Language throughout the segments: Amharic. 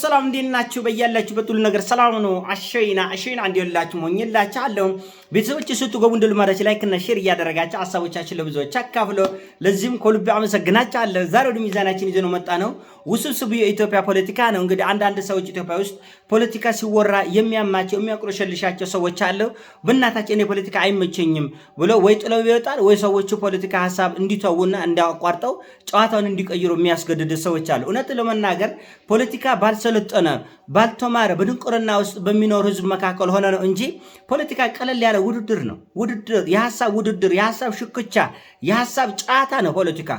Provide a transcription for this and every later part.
ሰላም እንዴት ናችሁ? በያላችሁበት ሁሉ ነገር ሰላም ነው። አሸይና አሸይና እንዲላችሁ ሞኝላችሁ አለው ቤተሰቦች ስትገቡ እንደልማዳችሁ ላይክ እና ሼር እያደረጋችሁ ሀሳቦቻችን ለብዙዎች አካፍሎ ለዚህም ከልብ አመሰግናችኋለሁ። ዛሬ ወደ ሚዛናችን ይዘነው መጣ ነው ውስብስብ የኢትዮጵያ ፖለቲካ ነው። እንግዲህ አንዳንድ ሰዎች ኢትዮጵያ ውስጥ ፖለቲካ ሲወራ የሚያማቸው የሚያቁረሸልሻቸው ሰዎች አለው። በእናታችን እኔ ፖለቲካ አይመቸኝም ብሎ ወይ ጥለው ይወጣል ወይ ሰዎቹ ፖለቲካ ሀሳብ እንዲተውና እንዳቋርጠው ጨዋታውን እንዲቀይሩ የሚያስገድድ ሰዎች አሉ። እውነት ለመናገር ፖለቲካ ባልሰለጠነ፣ ባልተማረ በድንቁርና ውስጥ በሚኖር ህዝብ መካከል ሆነ ነው እንጂ ፖለቲካ ቀለል ያለ ውድድር ነው። ውድድር፣ የሀሳብ ውድድር፣ የሀሳብ ሽኩቻ፣ የሀሳብ ጨዋታ ነው ፖለቲካ።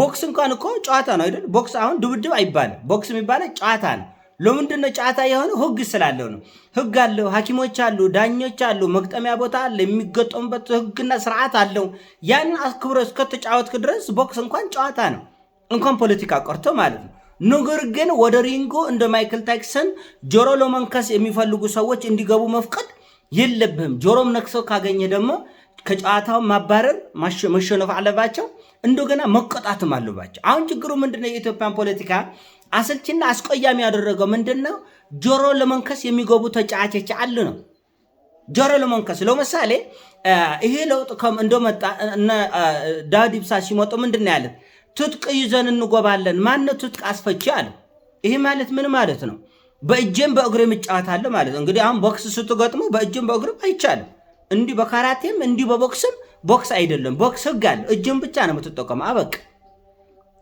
ቦክስ እንኳን እኮ ጨዋታ ነው አይደል? ቦክስ አሁን ድብድብ አይባልም። ቦክስ የሚባለ ጨዋታ ነው። ለምንድን ነው ጨዋታ የሆነ? ህግ ስላለው ነው። ህግ አለው፣ ሐኪሞች አሉ፣ ዳኞች አሉ፣ መግጠሚያ ቦታ አለ፣ የሚገጠሙበት ህግና ስርዓት አለው። ያንን አክብረ እስከተጫወትክ ድረስ ቦክስ እንኳን ጨዋታ ነው፣ እንኳን ፖለቲካ ቀርቶ ማለት ነው። ነገር ግን ወደ ሪንጎ እንደ ማይክል ታይክሰን ጆሮ ለመንከስ የሚፈልጉ ሰዎች እንዲገቡ መፍቀድ የለብህም። ጆሮም ነክሰው ካገኘ ደግሞ ከጨዋታው ማባረር መሸነፍ አለባቸው፣ እንደገና መቆጣትም አለባቸው። አሁን ችግሩ ምንድነው? የኢትዮጵያን ፖለቲካ አሰልችና አስቆያሚ ያደረገው ምንድነው? ጆሮ ለመንከስ የሚገቡ ተጫዋቾች አሉ ነው ጆሮ ለመንከስ ለምሳሌ ይሄ ለውጥ እንደመጣ ዳውድ ኢብሳ ሲመጡ ምንድን ነው ያለት ትጥቅ ይዘን እንጎባለን። ማነ ትጥቅ አስፈቺ አለ። ይሄ ማለት ምን ማለት ነው? በእጄም በእግሬም እጫወታለሁ ማለት ነው። እንግዲህ አሁን ቦክስ ስትገጥሙ በእጅም በእግርም አይቻልም። እንዲህ በካራቴም እንዲህ በቦክስም ቦክስ አይደለም። ቦክስ ህግ አለ። እጅም ብቻ ነው የምትጠቀመው። አበቅ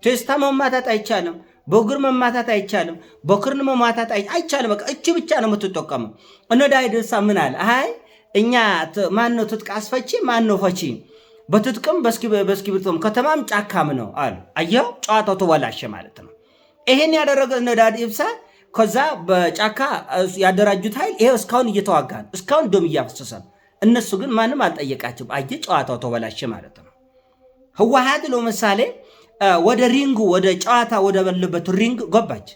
ቴስታ መማታት አይቻልም። በእግር መማታት አይቻልም። በክርን መማታት አይቻልም። በቃ እች ብቻ ነው የምትጠቀመው። እነ ዳዊት ምን አለ? አይ እኛ ማነው ትጥቅ አስፈቺ ማነው ፈቺ በትጥቅም በእስክሪብቶም ከተማም ጫካም ነው አሉ። አየው ጨዋታው ተበላሸ ማለት ነው። ይሄን ያደረገ ነዳድ ኢብሳ ከዛ በጫካ ያደራጁት ኃይል ይሄ እስካሁን እየተዋጋ ነው። እስካሁን ደም እያፈሰሰ ነው። እነሱ ግን ማንም አልጠየቃቸውም። አየ ጨዋታው ተበላሸ ማለት ነው። ህወሓት ለምሳሌ ወደ ሪንጉ ወደ ጨዋታ ወደ በለበት ሪንግ ገባች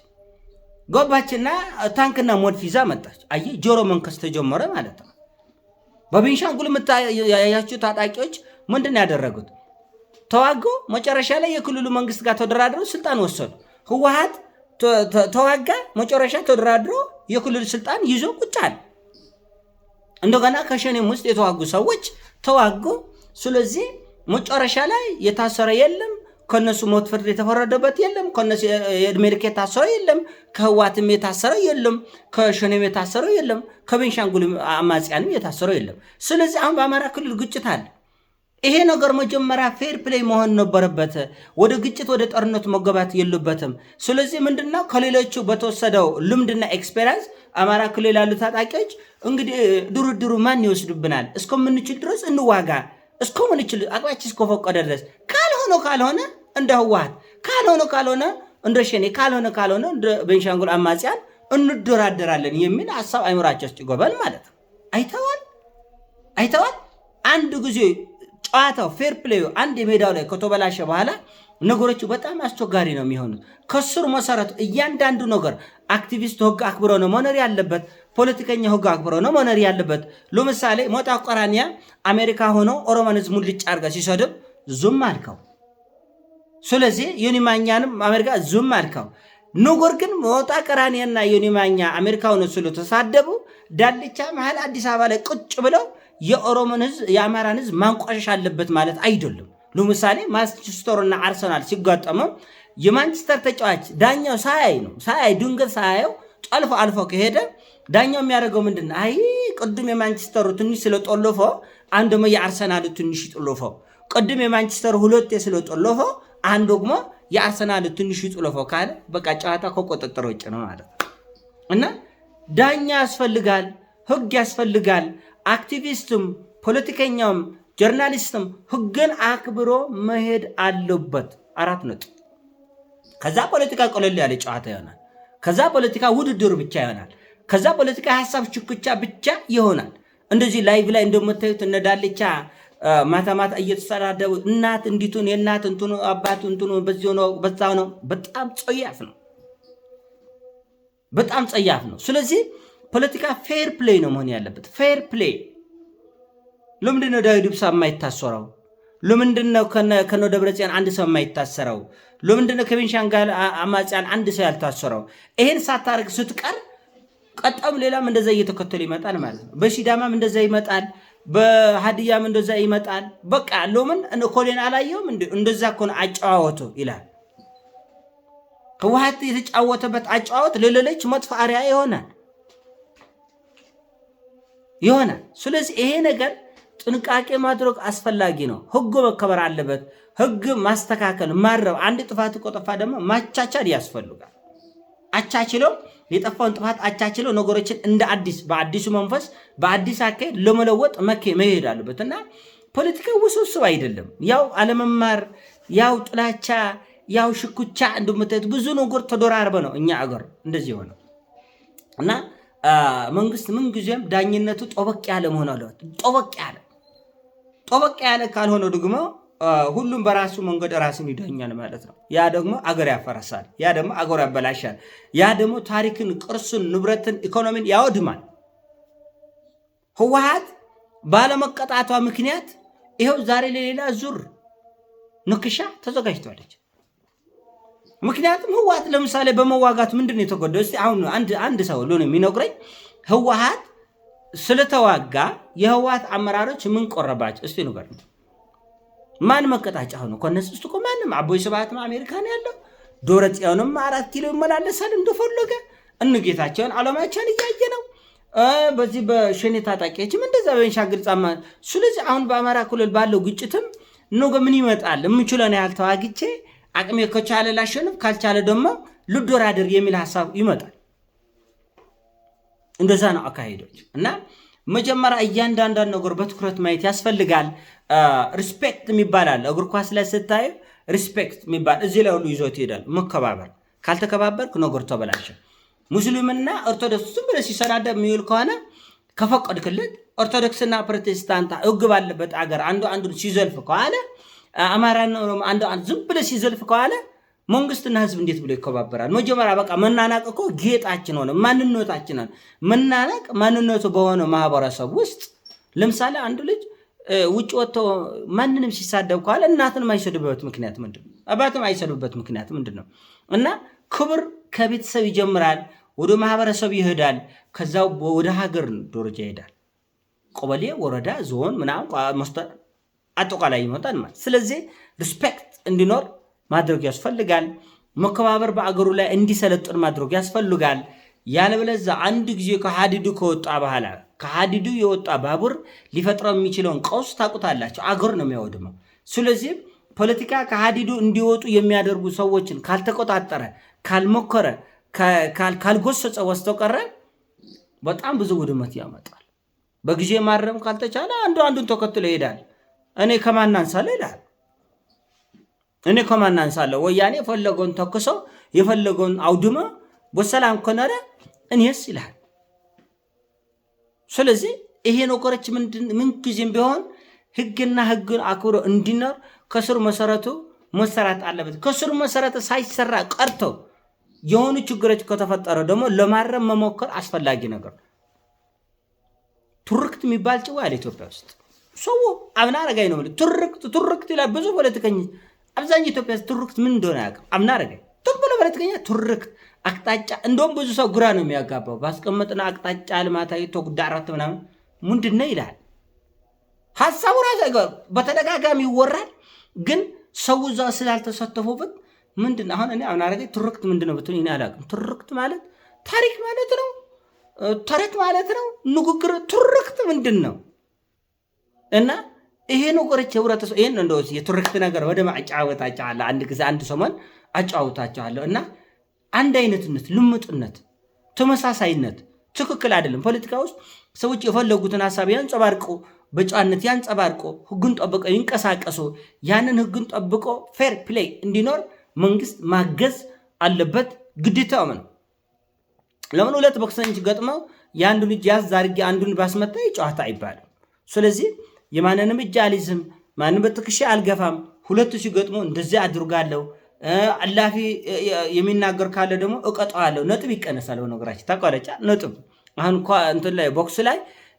ገባችና ታንክና ሞድፍ ይዛ መጣች። አየ ጆሮ መንከስ ተጀመረ ማለት ነው። በቤንሻንጉል የምታያችሁ ታጣቂዎች ምንድን ነው ያደረጉት? ተዋጎ መጨረሻ ላይ የክልሉ መንግስት ጋር ተደራድረው ስልጣን ወሰዱ። ህወሀት ተዋጋ። መጨረሻ ተደራድሮ የክልሉ ስልጣን ይዞ ቁጭ አለ። እንደገና ከሸኔም ውስጥ የተዋጉ ሰዎች ተዋጉ። ስለዚህ መጨረሻ ላይ የታሰረ የለም፣ ከነሱ ሞት ፍርድ የተፈረደበት የለም፣ ከነሱ የእድሜ ልክ የታሰረ የለም፣ ከህዋትም የታሰረ የለም፣ ከሸኔም የታሰረ የለም፣ ከቤንሻንጉል አማጽያንም የታሰረ የለም። ስለዚህ አሁን በአማራ ክልል ግጭት አለ። ይሄ ነገር መጀመሪያ ፌር ፕሌይ መሆን ነበረበት። ወደ ግጭት ወደ ጦርነት መገባት የሉበትም ስለዚህ ምንድነው ከሌሎቹ በተወሰደው ልምድና ኤክስፔሪንስ አማራ ክልል ያሉ ታጣቂዎች እንግዲህ ድርድሩ ማን ይወስድብናል እስከምንችል ድረስ እንዋጋ፣ እስከምንችል አቅማችን እስከፈቀደ ድረስ ካልሆነ ካልሆነ እንደ ህወሓት ካልሆነ ካልሆነ እንደ ሸኔ ካልሆነ ካልሆነ እንደ ቤንሻንጉል አማጽያን እንደራደራለን የሚል ሀሳብ አይምራቸው ውስጥ ይገባል ማለት ነው። አይተዋል አይተዋል አንድ ጊዜ ጨዋታው ፌር ፕሌዩ አንድ የሜዳው ላይ ከተበላሸ በኋላ ነገሮቹ በጣም አስቸጋሪ ነው የሚሆኑት። ከስሩ መሰረቱ እያንዳንዱ ነገር አክቲቪስት ህግ አክብሮ ነው መኖር ያለበት። ፖለቲከኛ ህግ አክብሮ ነው መኖር ያለበት። ለምሳሌ ሞጣ ቆራኒያ አሜሪካ ሆኖ ኦሮሞን ህዝብ ሙልጭ አድርጋ ሲሰድብ ዙም አልከው። ስለዚህ ዩኒማኛንም አሜሪካ ዙም አልከው። ነገር ግን ሞጣ ቀራኒያና ዩኒማኛ አሜሪካ ሆኖ ተሳደቡ ዳልቻ መሀል አዲስ አበባ ላይ ቁጭ ብለው የኦሮሞን ህዝብ የአማራን ህዝብ ማንቋሸሽ አለበት ማለት አይደለም። ለምሳሌ እና አርሰናል ሲጋጠመው የማንቸስተር ተጫዋች ዳኛው ሳያይ ነው ሳያይ ድንገት ሳያየው ጠልፎ አልፎ ከሄደ ዳኛው የሚያደርገው ምንድን አይ ቅድም የማንቸስተሩ ትንሽ ስለጠለፎ አንድ ደግሞ የአርሰናሉ ትንሽ ይጥሎፈ፣ ቅድም የማንቸስተሩ ሁለቴ ስለጠለፎ አንድ ደግሞ የአርሰናሉ ትንሽ ይጥሎፈ ካለ በቃ ጨዋታ ከቁጥጥር ውጭ ነው ማለት ነው እና ዳኛ ያስፈልጋል፣ ህግ ያስፈልጋል። አክቲቪስቱም፣ ፖለቲከኛውም፣ ጆርናሊስትም ህግን አክብሮ መሄድ አለበት። አራት ነጥብ። ከዛ ፖለቲካ ቆለል ያለ ጨዋታ ይሆናል። ከዛ ፖለቲካ ውድድር ብቻ ይሆናል። ከዛ ፖለቲካ ሀሳብ ችኩቻ ብቻ ይሆናል። እንደዚህ ላይቭ ላይ እንደምታዩት እነዳልቻ ዳልቻ ማታ ማታ እየተሰዳደቡ እናት እንዲቱን የእናት እንትኑ አባት እንትኑ በዚህ ነው በዛ ነው። በጣም ጸያፍ ነው። በጣም ጸያፍ ነው። ስለዚህ ፖለቲካ ፌር ፕሌይ ነው መሆን ያለበት። ፌር ፕሌይ ለምንድን ነው ዳዊት ኢብሳ የማይታሰረው? ለምንድን ነው ከነ ደብረጽዮን አንድ ሰው የማይታሰረው? ለምንድን ነው ከቤንሻንጋል አማጽያን አንድ ሰው ያልታሰረው? ይሄን ሳታደርግ ስትቀር ቀጣም ሌላም እንደዛ እየተከተሉ ይመጣል ማለት ነው። በሲዳማም እንደዛ ይመጣል፣ በሀዲያም እንደዛ ይመጣል። በቃ ሎምን ኮሌን አላየውም እንደዛ ከሆነ አጨዋወቱ ይላል። ህወሓት የተጫወተበት አጨዋወት ለሌሎች መጥፎ አርአያ ይሆናል። ይሆናል። ስለዚህ ይሄ ነገር ጥንቃቄ ማድረግ አስፈላጊ ነው። ህጉ መከበር አለበት። ህግ ማስተካከል፣ ማረብ አንድ ጥፋት ከጠፋ ደግሞ ማቻቻል ያስፈልጋል። አቻችለው የጠፋውን ጥፋት አቻችለው ነገሮችን እንደ አዲስ በአዲሱ መንፈስ በአዲስ አካሄድ ለመለወጥ መኬ መሄድ አለበት እና ፖለቲካ ውስብስብ አይደለም። ያው አለመማር፣ ያው ጥላቻ፣ ያው ሽኩቻ እንደምታዩት ብዙ ነገር ተደራርበ ነው እኛ አገር እንደዚህ የሆነው እና መንግስት ምንጊዜም ዳኝነቱ ጠበቅ ያለ መሆን አለበት። ጠበቅ ያለ ጠበቅ ያለ ካልሆነው ደግሞ ሁሉም በራሱ መንገድ ራስን ይዳኛል ማለት ነው። ያ ደግሞ አገር ያፈረሳል። ያ ደግሞ አገር ያበላሻል። ያ ደግሞ ታሪክን፣ ቅርስን፣ ንብረትን፣ ኢኮኖሚን ያወድማል። ህወሓት ባለመቀጣቷ ምክንያት ይኸው ዛሬ ለሌላ ዙር ንክሻ ተዘጋጅቷለች። ምክንያቱም ህወሀት ለምሳሌ በመዋጋት ምንድን ነው የተጎዳው? እስኪ አሁን አንድ ሰው ሎ የሚነግረኝ ህወሀት ስለተዋጋ የህወሀት አመራሮች ምን ቆረባቸው? እስቲ ንገር። ማን መቀጣጫ ሆነ? ከነሱ ውስጥ እኮ ማንም አቦይ ስብሃትም አሜሪካን ያለው። ዶረ ጽዮንም አራት ኪሎ ይመላለሳል እንደፈለገ። እንጌታቸውን አለማቸውን እያየ ነው። በዚህ በሸኔ ታጣቂዎችም እንደዛ በቤንሻንጉል ጻማ። ስለዚህ አሁን በአማራ ክልል ባለው ግጭትም ነገ ምን ይመጣል? የምችለን ያህል ተዋግቼ አቅሜ ከቻለ ላሸንፍ፣ ካልቻለ ደግሞ ልደራደር የሚል ሀሳብ ይመጣል። እንደዛ ነው አካሄዶች እና መጀመሪያ እያንዳንዳን ነገር በትኩረት ማየት ያስፈልጋል። ሪስፔክት የሚባል አለ። እግር ኳስ ላይ ስታይ ሪስፔክት የሚባል እዚህ ላይ ሁሉ ይዞት ይሄዳል። መከባበር፣ ካልተከባበርክ ነገር ተበላሸ። ሙስሊምና ኦርቶዶክስ ዝም ብለህ ሲሰዳደብ የሚውል ከሆነ ከፈቀድክለት ኦርቶዶክስና ፕሮቴስታንት ሕግ ባለበት አገር አንዱ አንዱን ሲዘልፍ ከኋለ። አማራና ኦሮሞ አንድ አንድ ዝም ብለ ሲዘልፍ ከዋለ መንግስትና ህዝብ እንዴት ብሎ ይከባበራል? መጀመሪያ በቃ መናናቅ እኮ ጌጣችን ሆነ፣ ማንነታችን ሆነ። መናናቅ ማንነቱ በሆነ ማህበረሰብ ውስጥ ለምሳሌ አንድ ልጅ ውጭ ወጥቶ ማንንም ሲሳደብ ከኋላ እናትን አይሰድብበት ምክንያት ምንድን ነው? አባትም አይሰድብበት ምክንያት ምንድን ነው? እና ክብር ከቤተሰብ ይጀምራል፣ ወደ ማህበረሰብ ይሄዳል፣ ከዛው ወደ ሀገር ደረጃ ይሄዳል። ቀበሌ፣ ወረዳ፣ ዞን ምናምን አጠቃላይ ይመጣል ማለት። ስለዚህ ሪስፔክት እንዲኖር ማድረግ ያስፈልጋል። መከባበር በአገሩ ላይ እንዲሰለጥን ማድረግ ያስፈልጋል። ያለበለዛ አንድ ጊዜ ከሀዲዱ ከወጣ በኋላ ከሀዲዱ የወጣ ባቡር ሊፈጥረው የሚችለውን ቀውስ ታውቁታላቸው። አገር ነው የሚያወድመው። ስለዚህ ፖለቲካ ከሀዲዱ እንዲወጡ የሚያደርጉ ሰዎችን ካልተቆጣጠረ፣ ካልሞከረ፣ ካልጎሰጸ በስተቀረ በጣም ብዙ ውድመት ያመጣል። በጊዜ ማረም ካልተቻለ አንዱ አንዱን ተከትሎ ይሄዳል። እኔ ከማን አንሳለሁ ይላል። እኔ ከማን አንሳለሁ? ወያኔ የፈለገውን ተኩሶ የፈለገውን አውድመ በሰላም ከነረ እኔስ ይላል። ስለዚህ ይሄ ነገሮች ምንጊዜም ቢሆን ህግና ህግን አክብሮ እንዲኖር ከስር መሰረቱ መሰራት አለበት። ከስር መሰረቱ ሳይሰራ ቀርቶ የሆኑ ችግሮች ከተፈጠረ ደግሞ ለማረም መሞከር አስፈላጊ ነገር። ትርክት የሚባል ጭዋ ኢትዮጵያ ውስጥ ሰው አብና አረጋኝ ነው ማለት ትርክት ትርክት ይላል። ብዙ ፖለቲከኞች አብዛኛው ኢትዮጵያ ትርክት ምን እንደሆነ አያውቅም። አብና አረጋኝ ቱም ብሎ ፖለቲከኛ ትርክት አቅጣጫ፣ እንደውም ብዙ ሰው ጉራ ነው የሚያጋባው። ባስቀመጥና አቅጣጫ ልማታዊ ተጉዳራት ምናምን ምንድን ነው ይላል። ሀሳቡ ራሱ በተደጋጋሚ ይወራል፣ ግን ሰው እዛ ስላልተሳተፉበት ምንድን አሁን እኔ አሁን አረጋኝ ትርክት ምንድን ነው ብትሉኝ እኔ አላውቅም። ትርክት ማለት ታሪክ ማለት ነው፣ ተረት ማለት ነው፣ ንግግር ትርክት ምንድን ነው? እና ይሄ ነገሮች ህብረተሰብ ይህን እንደ የትርክት ነገር ወደ ማጫወታቸዋለ አንድ ጊዜ አንድ ሰሞን አጫወታቸዋለሁ እና አንድ አይነትነት፣ ልምጥነት፣ ተመሳሳይነት ትክክል አይደለም። ፖለቲካ ውስጥ ሰዎች የፈለጉትን ሀሳብ ያንጸባርቁ፣ በጨዋነት ያንጸባርቁ፣ ህግን ጠብቆ ይንቀሳቀሱ። ያንን ህግን ጠብቆ ፌር ፕሌይ እንዲኖር መንግስት ማገዝ አለበት፣ ግዴታው ነው። ለምን ሁለት ቦክሰኞች ገጥመው የአንዱን እጅ ያዝ አድርጌ አንዱን ባስመታ ጨዋታ አይባልም። ስለዚህ የማንንም እጅ አልይዝም፣ ማንም በትከሻ አልገፋም። ሁለቱ ሲገጥሙ እንደዚህ አድርጋለሁ፣ አላፊ የሚናገር ካለ ደግሞ እቀጠዋለሁ። ነጥብ ይቀነሳል። በነገራችን ታቋለጫ ነጥብ አሁን እንትን ላይ ቦክስ ላይ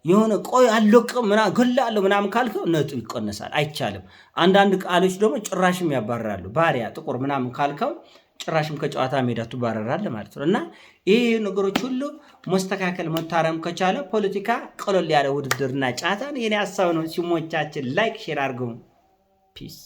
የሆነ ቆይ አለቅ ምና ገላ አለው ምናምን ካልከው ነጥብ ይቀነሳል። አይቻልም። አንዳንድ ቃሎች ደግሞ ጭራሽም ያባራሉ። ባሪያ፣ ጥቁር ምናምን ካልከው ጭራሽም ከጨዋታ ሜዳ ትባረራል ማለት ነው እና ይህ ነገሮች ሁሉ መስተካከል መታረም ከቻለ ፖለቲካ ቀለል ያለ ውድድርና ጨዋታን የኔ ሀሳብ ነው። ሲሞቻችን ላይክ ሼር አድርገው ፒስ